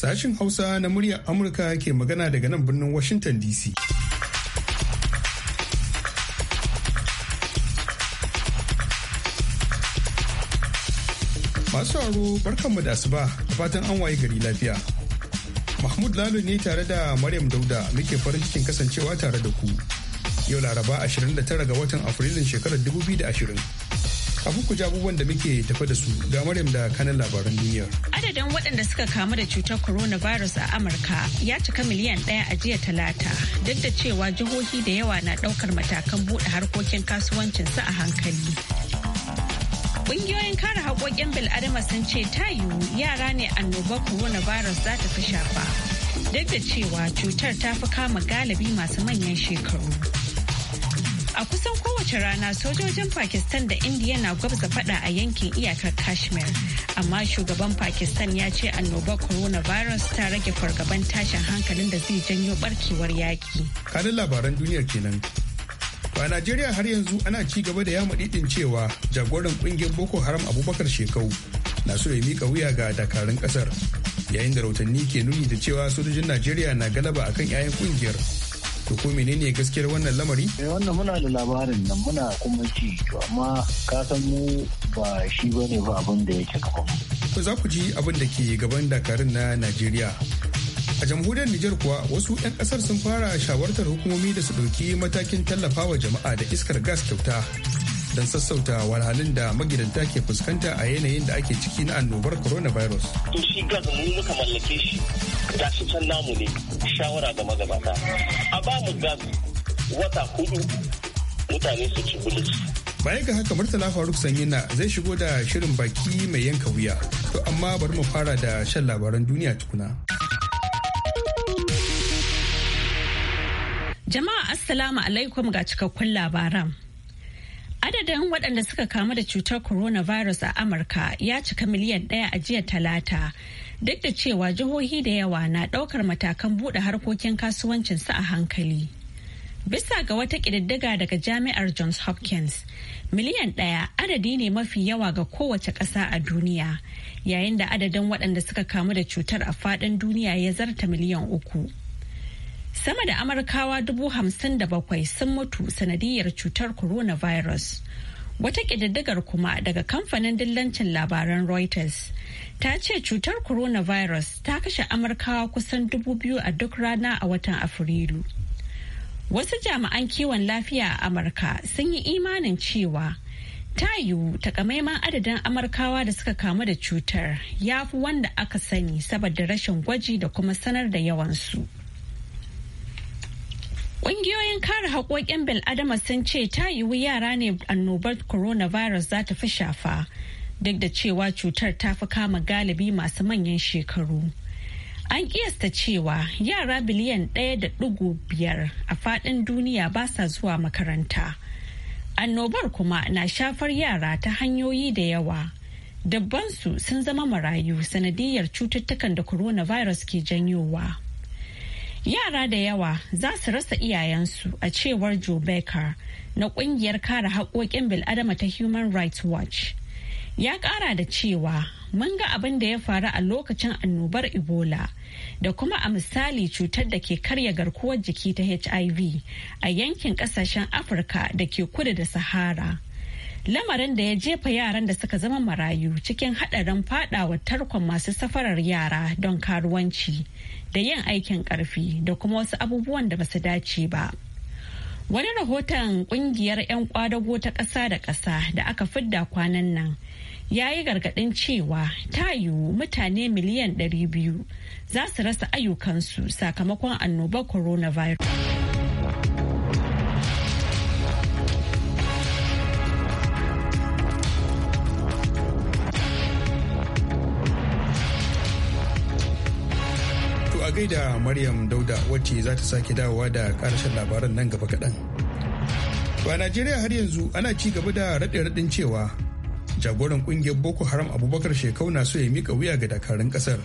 Sashen Hausa na muryar Amurka ke magana daga nan birnin Washington DC. Masu barkan barkanmu da asuba a fatan an waye gari lafiya. Mahmud Lalo ne tare da Maryam Dauda muke farin cikin kasancewa tare da ku. Yau Laraba 29 ga watan Afrilun shekarar 2020. Kafin ku ji abubuwan da muke tafa da su ga Maryam da kanan labaran duniya. Adadin waɗanda suka kamu da cutar coronavirus a Amurka ya cika miliyan ɗaya a jiya talata duk da cewa jihohi da yawa na ɗaukar matakan buɗe harkokin kasuwancin su a hankali. Ƙungiyoyin kare haƙoƙin bil'adama sun ce ta yiwu yara ne annoba coronavirus za ta fi shafa. Duk da cewa cutar ta fi kama galibi masu manyan shekaru. A kusan kowace rana sojojin Pakistan da Indiya na gwabza fada a yankin iyakar Kashmir. Amma shugaban Pakistan ya ce annobar coronavirus ta rage fargaban tashin hankalin da zai janyo barkewar yaki. Kanin labaran duniyar kenan. A Najeriya har yanzu ana ci gaba da yamu didin cewa jagoran kungiyar Boko Haram Abubakar Shekau na so ya mika wuya ga dakarun kasar. Yayin da rautanni ke nuni da cewa sojojin Najeriya na galaba akan 'ya'yan kungiyar to ko menene gaskiyar wannan lamari eh wannan muna da labarin nan muna kuma ci to amma ka san mu ba shi bane ba abin da yake gaban ku za ku ji abin da ke gaban dakarun na Najeriya a jamhuriyar Nijar kuwa wasu 'yan kasar sun fara shawartar hukumomi da su ɗauki matakin tallafawa jama'a da iskar gas kyauta don sassauta wahalhalun da magidanta ke fuskanta a yanayin da ake ciki na annobar coronavirus. To shi gas mu muka mallake shi da shi can namu ne shawara ga magabata. A ba mu gas wata hudu mutane su ci bulus. Bayan ga haka Murtala Faruk Sanyina zai shigo da shirin baki mai yanka wuya. To amma bari mu fara da shan labaran duniya tukuna. Jama'a Assalamu alaikum ga cikakkun labaran. Adadin waɗanda suka kamu da cutar coronavirus a Amurka ya cika miliyan ɗaya a jiya talata. Duk da cewa jihohi da yawa na ɗaukar matakan buɗe harkokin kasuwancinsu a hankali. Bisa ga wata ƙididdiga daga Jami'ar Johns Hopkins, miliyan ɗaya adadi ne mafi yawa ga kowace ƙasa a duniya, yayin da adadin waɗanda suka kamu da cutar a faɗin duniya ya zarta miliyan uku. Sama da Amurkawa dubu hamsin da bakwai sun mutu sanadiyar cutar coronavirus. Wata ƙididdigar kuma daga kamfanin dillancin labaran Reuters ta ce cutar coronavirus ta kashe Amurkawa kusan dubu biyu a duk rana a watan Afrilu. Wasu jami'an kiwon lafiya a Amurka sun yi imanin cewa ta takamaiman adadin Amurkawa da suka kamu da cutar ya fi wanda aka sani saboda rashin gwaji da kuma sanar da yawansu. Ƙungiyoyin kare haƙoƙin bil'adama sun ce ta yiwu yara ne annobar coronavirus za ta fi shafa duk da cewa cutar ta fi kama galibi masu manyan shekaru. An kiyasta cewa yara biliyan ɗaya da ɗugu biyar a faɗin duniya ba sa zuwa makaranta. Annobar kuma na shafar yara ta hanyoyi da yawa. Dabbansu sun zama marayu sanadiyar cututtukan da coronavirus ke janyowa. Yara da yawa za su rasa iyayensu a cewar Joe Becker na kungiyar kare haƙoƙin bil'adama ta Human Rights Watch. Ya ƙara da cewa mun ga abin da ya faru a lokacin annobar Ebola da kuma a misali cutar da ke karya garkuwar jiki ta HIV a yankin ƙasashen Afirka da ke kudu da Sahara. lamarin da ya jefa yaran da suka zama marayu cikin haɗarin fadawa tarkon masu safarar yara don karuwanci da yin aikin ƙarfi da kuma wasu abubuwan da basu dace ba wani rahoton ƙungiyar 'yan kwadago ta ƙasa da ƙasa da aka fidda kwanan nan ya yi gargaɗin cewa ta yiwu mutane miliyan 200 za su rasa ayyukansu sakamakon annobar coronavirus. da Maryam Dauda wacce za ta sake dawowa da karshen labaran nan gaba kaɗan. Ba Najeriya har yanzu ana ci gaba da raɗe-raɗin cewa jagoran ƙungiyar Boko Haram Abubakar Shekau na so ya mika wuya ga dakarun ƙasar.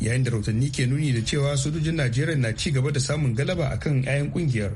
Yayin da rautanni ke nuni da cewa sojojin Najeriya na ci gaba da samun galaba akan 'ya'yan ƙungiyar.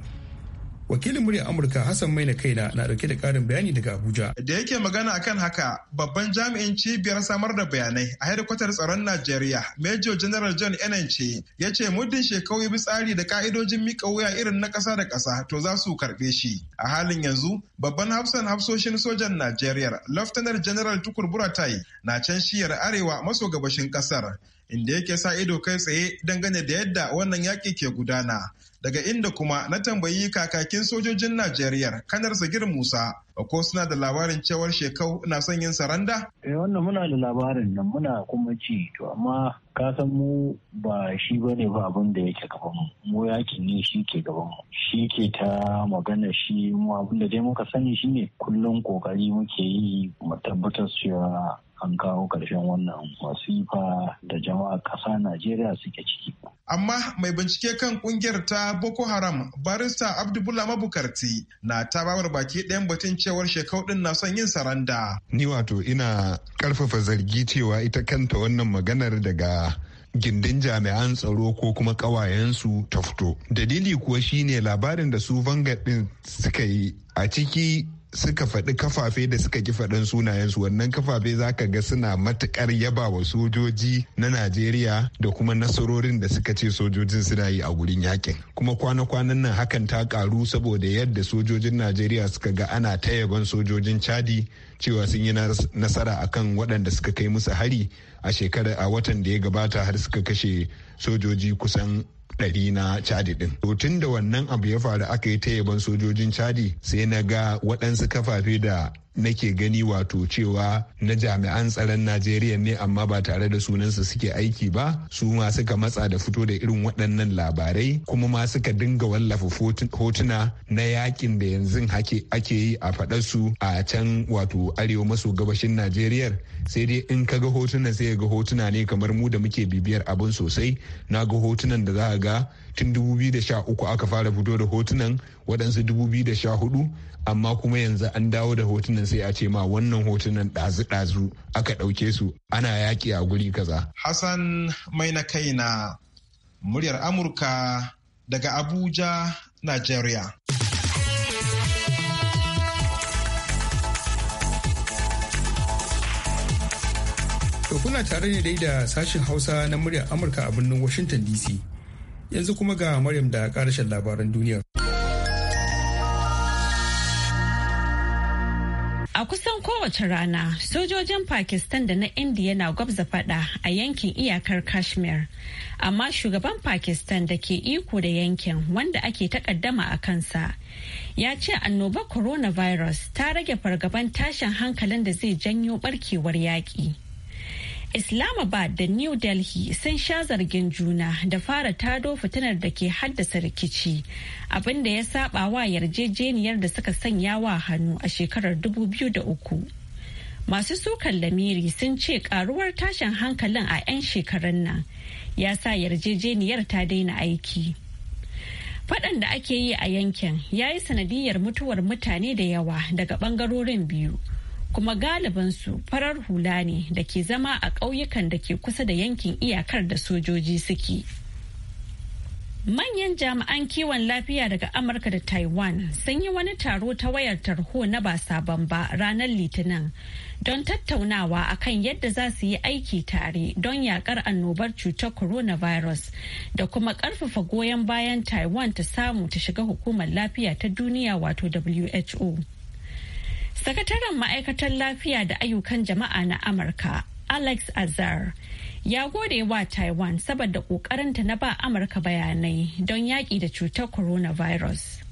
wakilin muryar amurka hassan na kaina na dauke da karin bayani daga abuja da yake magana akan haka babban jami'in cibiyar samar da bayanai a hedikwatar tsaron najeriya major general john nnc ya ce muddin shekau bi tsari da ka'idojin mika wuya irin na ƙasa da ƙasa to za su karbe shi a halin yanzu babban hafsan hafsoshin sojan najeriya laftanar general tukur buratai na can shiyar arewa maso gabashin kasar inda yake sa ido kai tsaye dangane da yadda wannan yaƙi ke gudana daga inda kuma na tambayi kakakin sojojin Najeriya kanar Zagir Musa ko suna da labarin cewar shekau na son yin saranda? Eh wannan muna da labarin nan muna kuma ci to amma ka san mu ba shi ba ba abin da yake gaban mu mu yakin ne shi ke gaban mu shi ke ta magana shi mu abin da dai muka sani shi ne? kullum kokari muke yi mu tabbatar cewa an kawo karshen wannan Wasifa da jama'a ƙasa Najeriya suke ciki. amma mai bincike kan kungiyar ta boko haram barista Abdullahi mabukarti na tabawar baki ɗayan batun cewar shekau ɗin na son yin saranda ni wato ina ƙarfafa zargi cewa ita kanta wannan maganar daga gindin jami'an tsaro ko kuma ƙawayensu ta fito dalili kuwa shine labarin da su vanga din suka yi a ciki suka faɗi kafafe da suka ki faɗin sunayensu wannan kafafe za ka ga suna matuƙar yaba wa sojoji na najeriya da kuma nasarorin da suka ce sojojin suna yi a wurin yakin kuma kwana-kwanan nan hakan ta ƙaru saboda yadda sojojin najeriya suka ga ana ta yaban sojojin chadi cewa sun yi nasara akan waɗanda suka kai musu hari a shekarar a watan da ya gabata har suka kashe sojoji kusan ɗari na chadi din to tun da wannan abu ya faru aka yi ta yaban sojojin chadi sai na ga waɗansu kafafe da nake gani wato cewa na jami'an tsaron najeriya ne amma ba tare da sunansa suke aiki ba su ma suka matsa da fito da irin waɗannan labarai kuma ma suka dinga wallafa hotuna na yakin da yanzu ake yi a faɗarsu a can wato arewa maso gabashin najeriya sai dai in ka ga hotuna sai ga hotuna ne kamar mu da muke bibiyar abin sosai na ga hotunan da za ga tun 2013 aka fara fito da hotunan waɗansu 2014 amma kuma yanzu an dawo da hotunan sai a ce ma wannan hotunan ɗazu-ɗazu aka ɗauke su ana yaƙi a guri kaza. Hassan mai na kai na muryar Amurka daga Abuja, Nigeria. To kuna tare ne dai da sashen Hausa na muryar Amurka a birnin Washington DC. Yanzu kuma ga Maryam da karashen labaran duniyar. A kusan kowace rana, sojojin Pakistan da na Indiya na gwabza fada a yankin iyakar Kashmir. Amma shugaban Pakistan da ke iko da yankin wanda ake takaddama a kansa, ya ce annobar coronavirus ta rage fargaban tashin hankalin da zai janyo barkewar yaƙi. Islamabad da New Delhi sun sha zargin juna da fara tado fitinar da ke haddasa rikici abin da ya saba wa yarjejeniyar da suka sanya wa hannu a shekarar 2003. Masu sukan lamiri sun ce karuwar tashin hankalin a 'yan shekarun nan ya sa yarjejeniyar ta daina aiki. Faɗan da ake yi a yankin ya yi sanadiyar mutuwar mutane da yawa daga bangarorin biyu. kuma galibansu farar hula ne da ke zama a ƙauyukan da ke kusa da yankin iyakar da sojoji suke. Manyan jami'an kiwon lafiya daga Amurka da Taiwan sun yi wani taro ta wayar tarho na ba sabon ba ranar Litinin don tattaunawa a kan yadda za su yi aiki tare don yakar annobar cutar coronavirus da kuma karfafa goyon bayan Taiwan ta samu ta shiga hukumar lafiya ta duniya wato WHO. Sakataren ma'aikatar lafiya da ayyukan jama'a na Amurka, Alex Azar, ya gode wa Taiwan saboda ƙoƙarinta na ba Amurka bayanai don yaƙi da cutar coronavirus.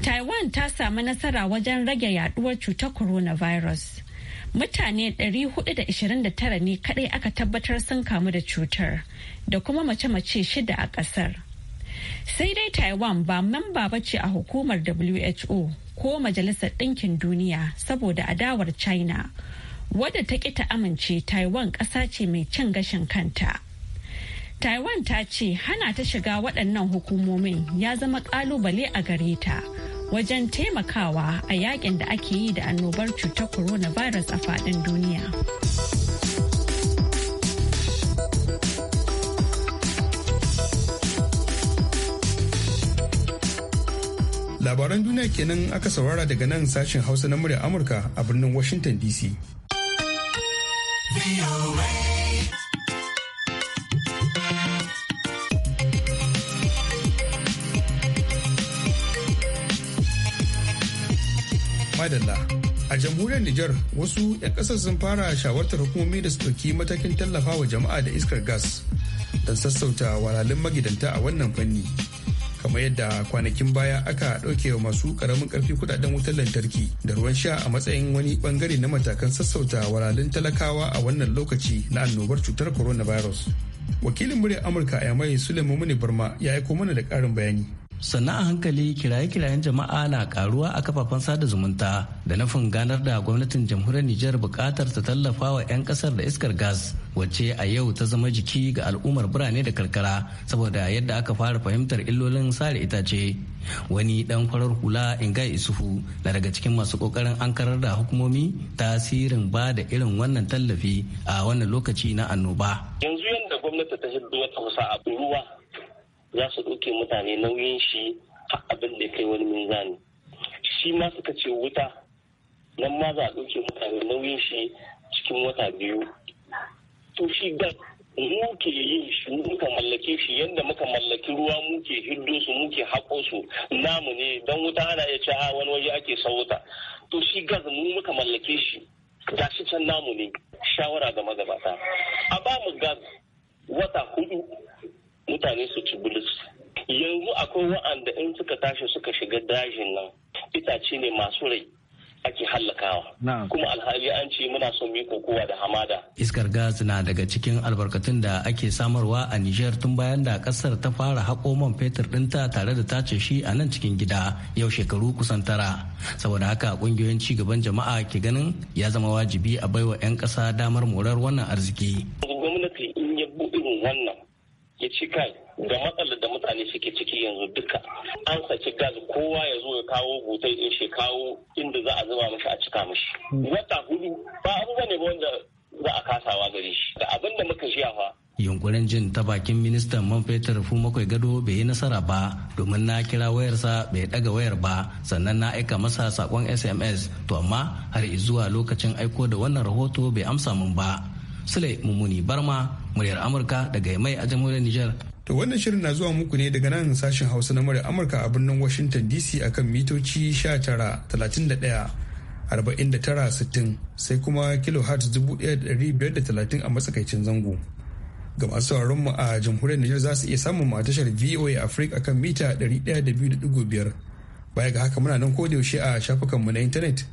Taiwan ta samu nasara wajen rage yaduwar cutar coronavirus. Mutane 429 ne kadai aka tabbatar sun kamu da cutar da kuma mace-mace shida a ƙasar. Sai dai Taiwan ba mamba ba ce a hukumar WHO ko majalisar ɗinkin duniya saboda adawar china wadda ta ƙi ta amince taiwan ƙasa ce mai cin gashin kanta taiwan ta ce hana ta shiga waɗannan hukumomin ya zama ƙalubale a gare ta wajen taimakawa a yakin da ake yi da annobar cutar coronavirus a faɗin duniya. labaran duniya kenan aka saurara daga nan sashen hausa na murya amurka a birnin washington dc madalla a jamhuriyar Nijar wasu 'yan kasar sun fara shawartar hukumomi da su ɗauki matakin tallafa wa jama'a da iskar gas don sassauta walalin magidanta a wannan fanni. kamar yadda kwanakin baya aka ɗauke wa masu ƙaramin ƙarfi kudaden wutar lantarki da ruwan sha a matsayin wani bangare na matakan sassauta walalin talakawa a wannan lokaci na annobar cutar coronavirus wakilin muryar amurka a yamai suleiman muni barma ya aiko mana da ƙarin bayani sannan a hankali kiraye-kirayen jama'a na karuwa a kafafen sada zumunta da nufin ganar da gwamnatin jamhuriyar nijar bukatar ta tallafa wa 'yan kasar da iskar gas wacce a yau ta zama jiki ga al'ummar birane da karkara saboda yadda aka fara fahimtar illolin sare itace wani dan farar hula inga isuhu na daga cikin masu kokarin an karar da hukumomi tasirin ba da irin wannan tallafi a wannan lokaci na annoba yanzu yadda gwamnati ta hiddo wata ruwa za su ɗauke mutane nauyin shi abin da kai wani minzani shi ma suka ce wuta nan ma za a ɗauke mutane nauyin shi cikin wata biyu to shi gas muke yin shi muka mallake shi yadda muka mallaki ruwa muke hiddo su muke haƙo su namu ne don wuta ana iya cewa wani waje ake wuta to shi gas mu muka mallake shi shi can namu ne shawara ga magabata a ba mu gas wata hudu mutane su ci bulus yanzu akwai wa'anda in suka tashi suka shiga dajin nan itace ne masu rai ake hallakawa. Kuma alhali an ce muna son yi kowa da hamada. Iskar gas na daga cikin albarkatun da ake samarwa a Nijar tun bayan da kasar ta fara haƙo man fetur ɗinta tare da tace shi a nan cikin gida yau shekaru kusan tara. Saboda haka ƙungiyoyin ci gaban jama'a ke ganin ya zama wajibi a baiwa 'yan ƙasa damar morar wannan arziki. Gwamnati in ya irin wannan ya ci kai ga matsalar da mutane suke ciki yanzu duka an saki gas kowa ya zo ya kawo butai in shi kawo inda za a zuba mashi a cika mashi hmm. wata hudu ba abubuwa ne wanda za a kasawa gare shi da abin da muka shi fa yunkurin jin ta bakin ministan man fetur makwai gado bai yi nasara ba domin na kira wayarsa bai daga wayar ba sannan na aika masa sakon sms to amma har zuwa lokacin aiko da wannan rahoto bai amsa min ba sule mummuni barma muryar amurka daga mai a jamhuriyar nijar. to wannan shirin na zuwa muku ne daga nan sashin hausa na muryar amurka a birnin washington dc akan mitoci 19 4960 sai kuma kilohertz 1530 a matsakaicin zango ga masu mu a jamhuriyar Nijar za su iya samun mu a tashar VOA Africa akan mita 102.5 baya ga haka muna nan ko yaushe a shafukan mu na intanet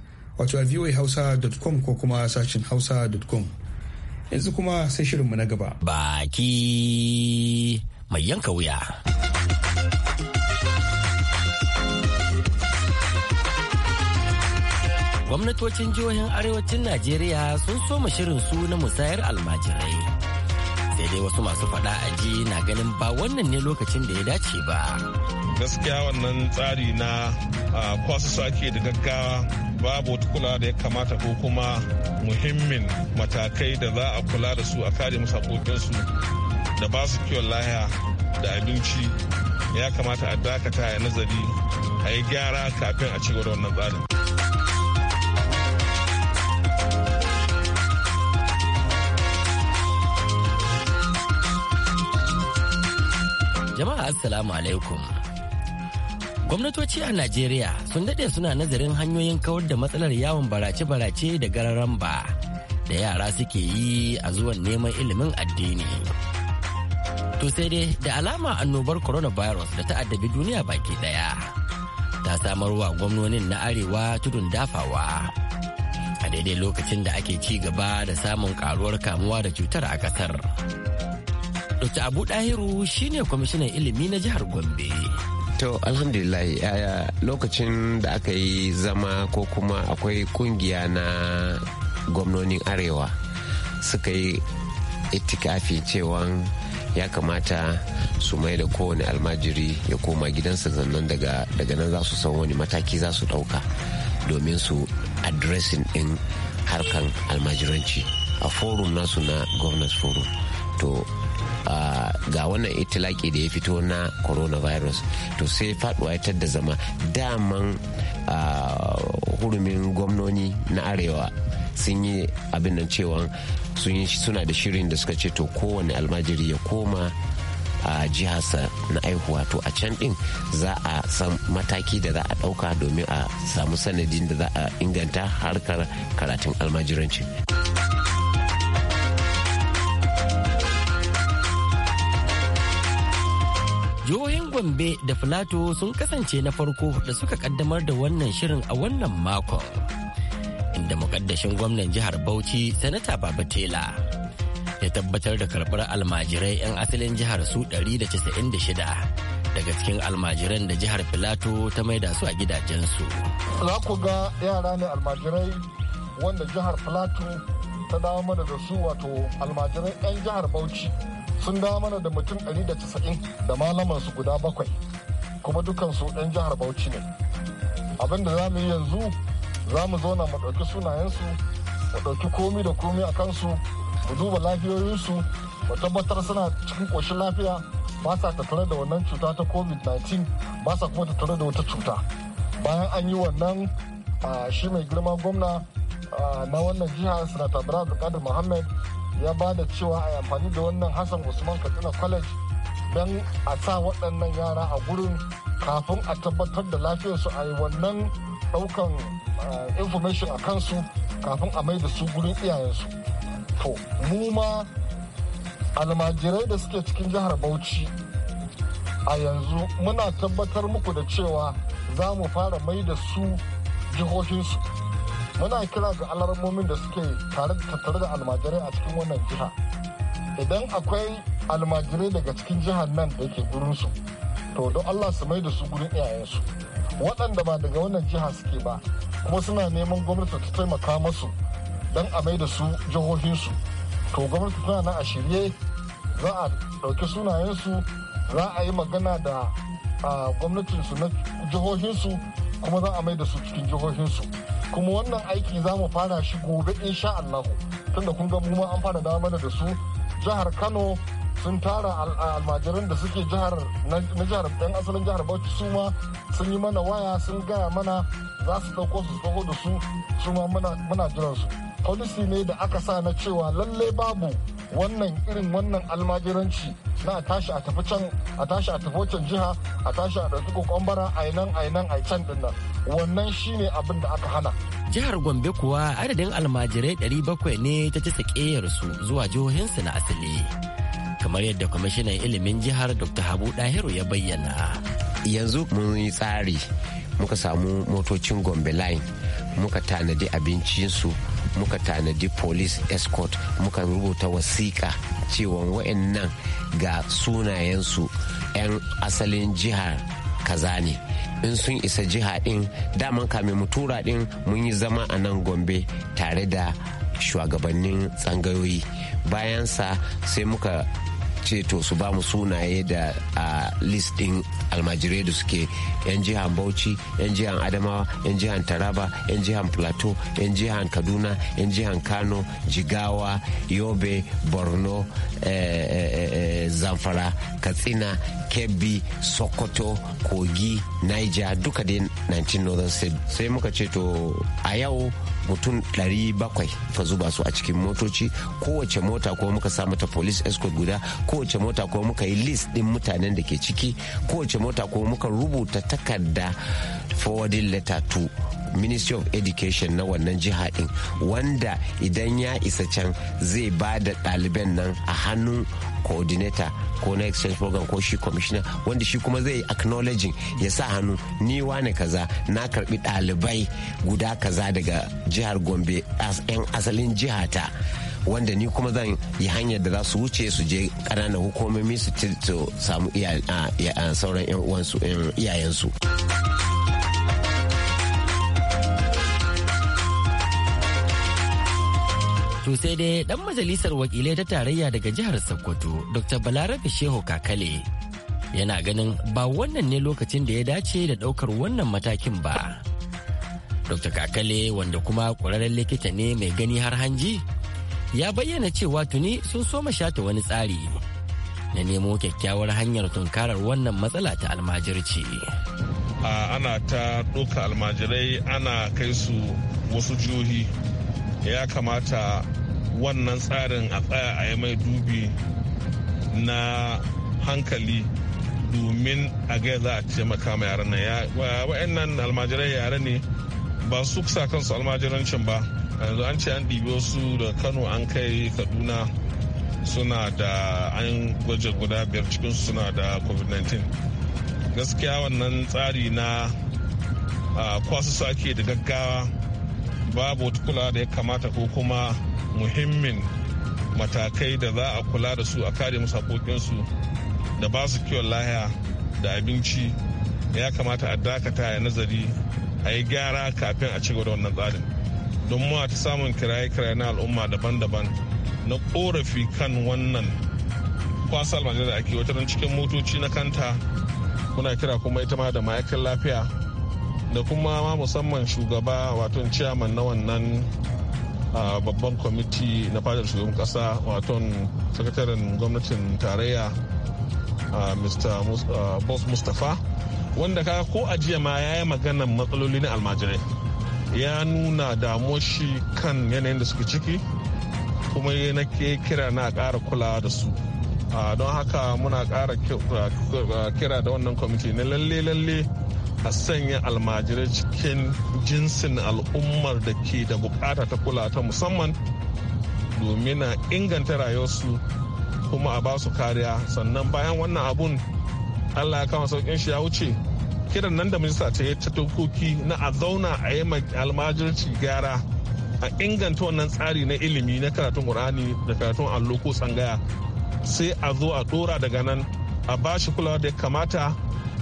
wato a voahausa.com ko kuma sashin hausa.com yanzu kuma sai shirinmu na gaba baki mai yanka wuya gwamnatocin jihohin arewacin najeriya sun soma shirin su na musayar almajirai sai dai wasu masu faɗa ji na ganin ba wannan ne lokacin da ya dace ba gaskiya wannan tsari na kwasu su ake da gaggawa babu wata kula da ya kamata ko kuma muhimmin matakai da za a kula da su a kare musu da ba su kiwon lahiya da abinci ya kamata a dakata ya nazari a yi gyara kafin a cigaba da wannan tsarin. Jama'a Assalamu alaikum. Gwamnatoci a Najeriya sun daɗe suna nazarin hanyoyin kawar da matsalar yawon barace-barace da gararan ba da yara suke yi a zuwan neman ilimin addini. To sai dai da alama annobar coronavirus da ta addabi duniya baki ɗaya ta samarwa gwamnonin na arewa tudun dafawa. A daidai lokacin da ake ci gaba da samun karuwar kamuwa da cutar a ƙasar. Dr. Abu Dahiru shine kwamishinan ilimi na jihar Gombe. to alhamdulillah yaya lokacin da aka yi zama ko kuma akwai kungiya na gwamnonin arewa suka yi itikafi cewa ya kamata su mai da kowane almajiri ya koma gidansa sannan daga nan za su san wani mataki za su ɗauka domin su addressing ɗin harkan almajiranci a forum nasu na governors forum to ga wannan itilaki da ya fito na coronavirus to sai faduwa ya da zama daman hurumin gwamnoni na arewa sun yi abin nan cewa suna da shirin da suka ce to kowane almajiri ya koma a jiharsa na aihuwa to a can din za a san mataki da za a ɗauka domin a samu sanadin da za a inganta harkar karatun almajiranci jihohin gombe da filato sun kasance na farko da suka kaddamar da wannan shirin a wannan makon inda mukaddashin gwamnan jihar bauchi sanata baba tela ya tabbatar da karɓar almajirai 'yan asalin jihar su 196 daga cikin almajiran da jihar filato ta maida su a gidajensu za ku ga yara ne almajirai wanda jihar filato ta dawo mana da su wato almajirai 'yan jihar bauchi sun dawo mana da mutum 190 da malaman su guda bakwai kuma dukansu ɗan jihar bauchi ne abin da za mu yi yanzu za mu zauna mu ɗauki sunayensu mu ɗauki komi da komi a kansu mu duba lafiyoyinsu mu tabbatar suna cikin ƙoshin lafiya ba sa tattare da wannan cuta ta covid-19 ba sa kuma tattare da wata cuta bayan an yi wannan shi mai girma gwamna na wannan jiha sanata brazil kadir muhammad ya ba da cewa a amfani da wannan hassan usman katsina college don a sa waɗannan yara a gurin kafin a tabbatar da lafiyarsu a yi wannan ɗaukan eh, information a kansu kafin a mai da su gurin iyayensu to mu ma almajirai da suke cikin jihar bauchi a yanzu muna tabbatar muku da cewa za mu fara mai da su jihohinsu muna kira ga alarmomin da suke tare da tattare da almajirai a cikin wannan jiha idan akwai almajirai daga cikin jihar nan da ke gurinsu to don allah su mai da su gurin iyayensu waɗanda ba daga wannan jiha suke ba kuma suna neman gwamnati ta taimaka masu don a mai da su jihohinsu to gwamnati tana na a shirye za a ɗauki sunayensu za a yi magana da gwamnatinsu na jihohinsu kuma za a mai da su cikin jihohinsu kuma wannan aiki za mu fara shi gobe insha Allah tunda kun ga mu an fara damar da su jihar Kano sun tara almajiran da suke jihar na jihar dan asalin jihar Bauchi su ma sun yi mana waya sun gaya mana za su ɗauko su tsaho da su su ma muna jiran su policy ne da aka sa na cewa lallai babu wannan irin wannan almajiranci na a tashi a tafi can a tashi a tafi wancan jiha a tashi a ɗauki kokon a nan a nan a can din nan wannan shine abin da aka hana jihar gombe kuwa adadin almajirai 700 ne ta ci su zuwa jihohinsu na asali kamar yadda kwamishinan ilimin jihar dr habu dahiru ya bayyana yanzu mun yi tsari muka samu motocin gombe line muka tanadi abincinsu muka tanadi police escort muka rubuta wasiƙa cewa wa'annan ga sunayensu 'yan asalin jihar kaza ne in sun isa jiha ɗin daman kamin mu tura ɗin mun yi zama a nan gombe tare da shugabannin tsangayoyi bayansa sai muka ce to su ba mu sunaye da a list din almajirai da suke yan jihar bauchi yan jihan adamawa yan jihan taraba yan jihar plateau yan jihan kaduna yan jihar kano jigawa yobe borno eh, eh, eh, zamfara katsina kebbi sokoto kogi niger duka dai 19 northern state sai muka ce to a yau mutum 700 ka zuba su a cikin motoci kowace mota ko muka sa mata police escort guda kowace mota ko muka yi list din mutanen da ke ciki kowace mota ko muka rubuta takarda forwarding letter to ministry of education na wannan jiha din wanda idan ya isa can zai ba da ɗaliban nan a hannun coordinator ko na exchange program ko shi commissioner wanda shi kuma zai acknowledging ya sa hannu ni wane kaza na karbi ɗalibai guda kaza daga jihar gombe 'yan asalin jihata wanda ni kuma zan yi hanyar da za su wuce su je ƙananan hukumomi su samu sauran 'yan uwansu iyayensu. To sai dai dan majalisar wakilai ta tarayya daga jihar Sokoto, Dr. Balarabe Shehu Kakale, yana ganin ba wannan ne lokacin da ya dace da daukar wannan matakin ba. Dr. Kakale wanda kuma ƙwararren likita ne mai gani har hanji, ya bayyana cewa tuni sun soma shata wani tsari na nemo kyakkyawar hanyar tunkarar wannan matsala ta almajirci. Ana ta ɗauka almajirai ana kai su wasu jihohi ya kamata wannan tsarin a tsaya a yi mai dubi na hankali domin a ga za a taimaka ma yaran nan nan almajirai yare ne ba su kusa kansu almajirancin ba yanzu an ce an ɗibe su da kano an kai kaduna suna da an gwaje guda biyar cikin suna da covid-19 gaskiya wannan tsari na kwasu sake da gaggawa babu wata kula da ya kamata ko kuma muhimmin matakai da za a kula da su a kare musu haƙoƙinsu da ba su kiwon lahiya da abinci ya kamata a dakata ya nazari a yi gyara kafin a cigaba da wannan tsarin don mu ta samun kiraye-kiraye na al'umma daban-daban na korafi kan wannan kwasa almajirai da ake wata cikin motoci na kanta muna kira kuma ita ma da ma'aikatan lafiya da kuma ma musamman shugaba wato ciyaman na wannan a babban kwamiti na fadar shugaban kasa waton sakataren gwamnatin tarayya mr boss mustapha wanda kaga ko ajiya ma ya yi maganan matsaloli na almajirai ya nuna damuwar shi kan yanayin da suke ciki kuma ya na kira na ƙara kulawa da su don haka muna ƙara kira da wannan kwamiti na lalle-lalle a sanya almajirai cikin jinsin al'ummar da ke da bukata ta kula ta musamman domin a inganta rayuwarsu kuma a ba su kariya sannan bayan wannan abun allah ya kama saukin shi ya wuce kiran nan da minista ta yi ta dokoki na a zauna a yi almajirci gyara a inganta wannan tsari na ilimi na karatun qur'ani da karatun allo ko tsangaya sai a zo a dora daga nan a ba shi kulawa da ya kamata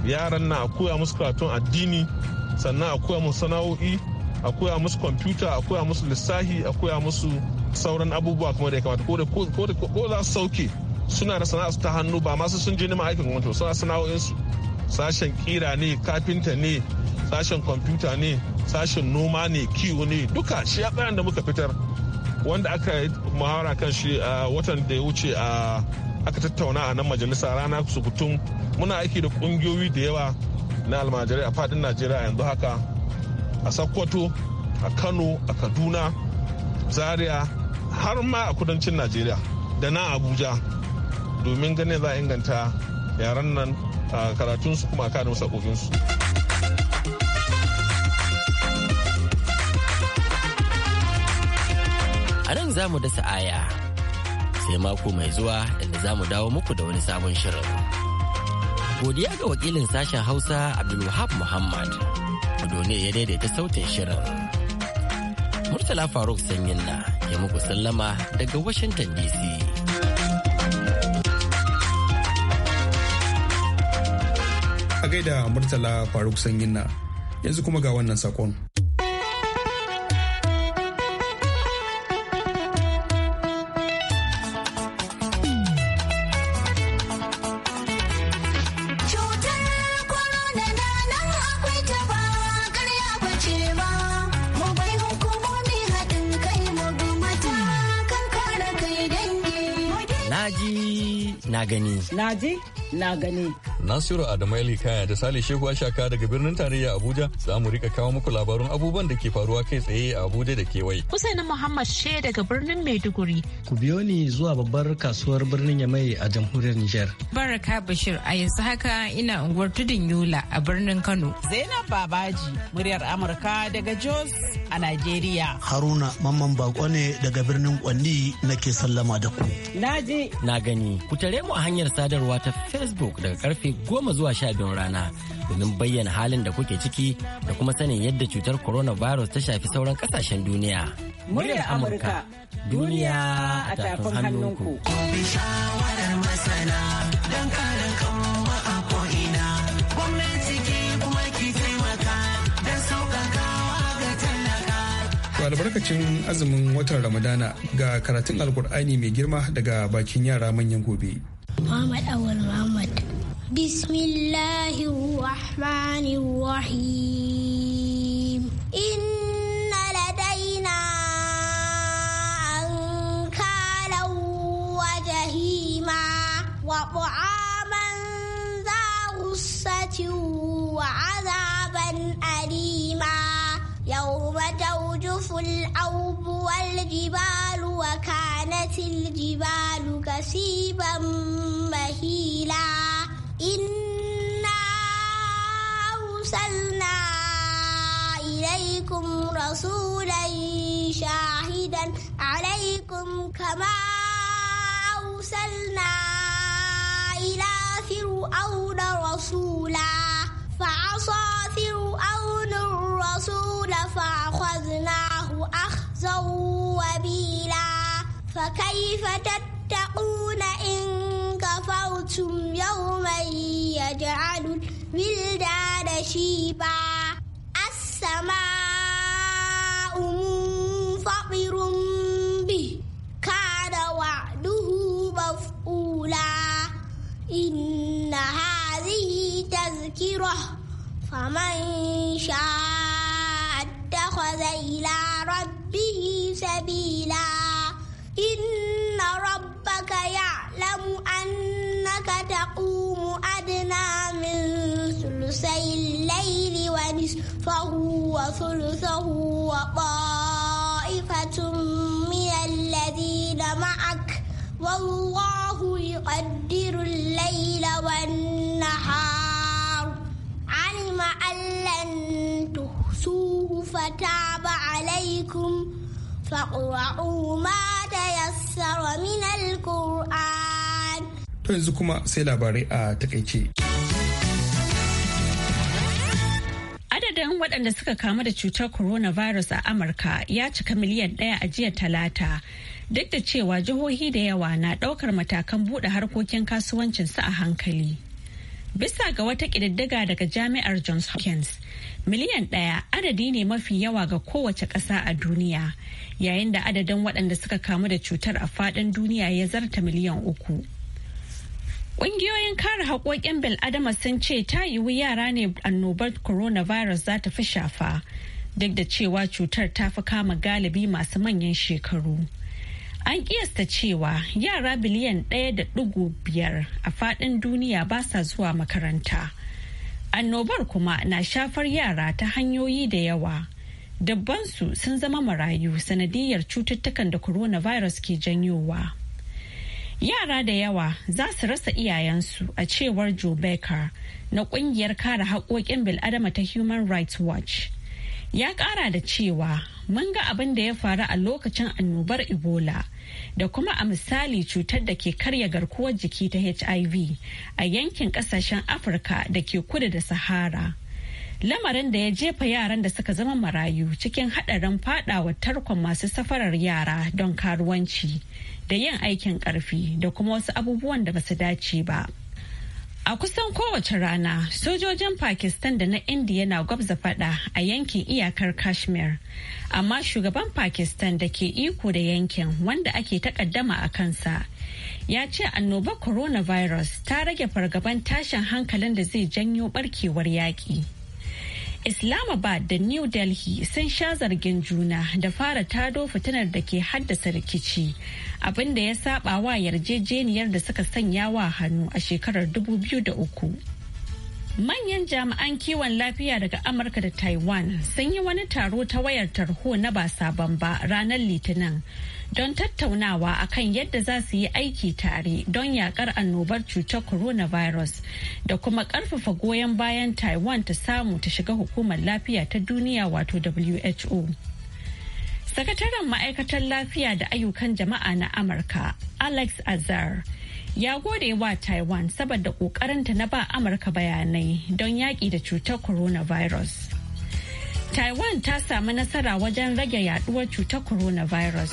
yaran na a koya musu karatun addini sannan a koya musu sana'o'i a koya musu kwamfuta a koya musu lissahi a koya musu sauran abubuwa kuma da ya kamata ko za su sauke suna da sana'a ta hannu ba masu sun je neman aikin gwamnati suna sana'o'insu sashen kira ne kafinta ne sashen kwamfuta ne sashen noma ne kiwo ne duka shi ya da muka fitar wanda aka yi muhawara kan shi a watan da ya wuce a aka tattauna a nan majalisa rana su kutum muna aiki da kungiyoyi da yawa na almajirai a fadin najeriya yanzu haka a sokoto a kano a kaduna zaria har ma a kudancin najeriya da na abuja domin ganin za a inganta yaran nan a karatunsu kuma a kanin sakokinsu a nan za mu dasa aya sai mako mai zuwa inda za mu dawo muku da wani sabon shirin. Godiya ga wakilin sashen Hausa Abdulwahab Muhammad, Budone ya daidaita sautin shirin. Murtala Faruk Sanyin na ya muku sallama daga Washington DC. A gaida Murtala Faruk Sanyin na yanzu kuma ga wannan sakon. naji na gani naji na gani Nasiru Adamu Ali Kaya da Sale Shehu Ashaka daga birnin tarayya Abuja za mu rika kawo muku labarun abubuwan da ke faruwa kai tsaye a Abuja da kewaye. Hussaini Muhammad She daga birnin Maiduguri. Ku biyo ni zuwa babbar kasuwar birnin Yamai a jamhuriyar Nijar. Baraka Bashir a yanzu haka ina unguwar Tudun yula a birnin Kano. Zainab Babaji muryar Amurka daga Jos a Najeriya. Haruna Mamman Bako ne daga birnin Kwandi nake sallama da ku. Naji. Na gani. Ku tare mu a hanyar sadarwa ta Facebook daga karfe goma zuwa sha biyun rana domin bayyana halin da kuke ciki da kuma sanin yadda cutar coronavirus ta shafi sauran kasashen duniya. Muryar Amurka duniya a tafin hannunku. albarkacin azumin watan ramadana ga karatun alkur'ani mai girma daga bakin yara manyan gobe. Muhammad Awal Muhammad بسم الله الرحمن الرحيم إن لدينا أنكالا وجهيما وطعاما ذا غصة وعذابا أليما يوم توجف الأرض والجبال وكانت الجبال كثيبا عليكم رسولا شاهدا عليكم كما أرسلنا إلى فرعون رسولا فعصى فرعون الرسول فأخذناه أخذا وبيلا فكيف تتقون إن كفرتم يوما يجعل الولدان شيبا السماء فاطر به كان وعده مفعولا إن هذه تذكرة فمن شاء اتخذ إلى ربه سبيلا إن ربك يعلم أنك تقوم أدنى من ثلثي الليل ونصفه وثلثه وطار والله يقدر الليل والنهار علم أن لن تحصوه فتاب عليكم فاقرأوا ما تيسر من القرآن To yanzu kuma sai labarai a adadin waɗanda suka kamu da cutar coronavirus a amurka ya cika miliyan ɗaya a jiya talata duk da cewa jihohi da yawa na ɗaukar matakan buɗe harkokin kasuwancin su a hankali. Bisa ga wata ƙididdiga daga jami'ar Johns Hopkins, miliyan ɗaya adadi ne mafi yawa ga kowace ƙasa a duniya, yayin da adadin waɗanda suka kamu da cutar a faɗin duniya ya zarta miliyan uku. Ƙungiyoyin kare haƙoƙin bil'adama sun ce ta yiwu yara ne annobar coronavirus za ta fi shafa, duk da cewa cutar ta fi kama galibi masu manyan shekaru. An kiyasta cewa yara biliyan ɗaya da ɗigo biyar a faɗin duniya ba sa zuwa makaranta. Annobar kuma na shafar yara ta hanyoyi da yawa. Dabbansu sun zama marayu sanadiyar cututtukan da coronavirus ke janyowa. Yara da yawa za su rasa iyayensu a cewar Joe Becker na kungiyar kare haƙoƙin bil'adama ta Human Rights Watch. Ya ƙara da cewa mun ga abin da ya faru a lokacin annobar Ebola da kuma a misali cutar da ke karya garkuwar jiki ta HIV a yankin kasashen Afirka da ke kudu da Sahara. Lamarin da ya jefa yaran da suka zama marayu cikin haɗarin fadawa tarkon masu safarar yara don karuwanci da yin aikin ƙarfi da kuma wasu abubuwan da ba su dace ba. A kusan kowace rana, sojojin Pakistan da na India na gwabza fada a yankin iyakar Kashmir. Amma shugaban Pakistan da ke iko da yankin wanda ake takaddama a kansa. Ya ce annobar coronavirus ta rage fargaban tashin hankalin da zai janyo barkewar yaƙi. Islamabad da New Delhi sun sha zargin juna da fara tado fitinar da ke haddasa rikici abin da ya saba wa yarjejeniyar da suka sanya wa hannu a shekarar 2003. Manyan jami'an kiwon lafiya daga Amurka da Taiwan sun yi wani taro ta wayar tarho na ba sabon ba ranar Litinin don tattaunawa a kan yadda za su yi aiki tare don yakar annobar cutar coronavirus da kuma karfafa goyon bayan taiwan ta samu ta shiga hukumar lafiya ta duniya wato who sakataren ma'aikatar lafiya da ayyukan jama'a na amurka alex azar ya gode wa taiwan saboda kokarinta na ba amurka bayanai don yaƙi da cutar coronavirus taiwan ta samu nasara wajen rage yaduwar cutar coronavirus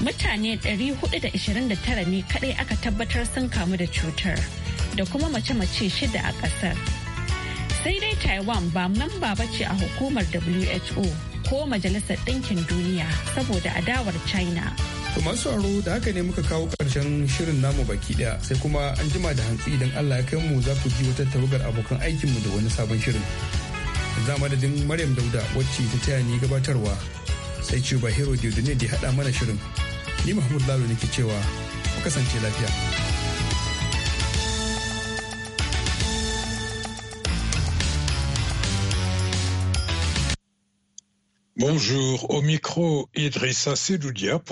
mutane 429 ne kadai aka tabbatar sun kamu da cutar da kuma mace-mace shida a kasar. Sai dai Taiwan ba mamba ba ce a hukumar WHO ko Majalisar Ɗinkin Duniya saboda adawar China. masu aro da haka ne muka kawo ƙarshen shirin namu baki daya sai kuma an jima da hantsi idan Allah ya kai mu za ku ji wata tawagar abokan aikinmu da wani sabon shirin. Za madadin Maryam Dauda wacce ta taya ni gabatarwa sai Cuba Hero ne da haɗa mana shirin. ni mahmud lalo ne ke cewa ku kasance lafiya Bonjour, au micro Idrissa Sedoudia pour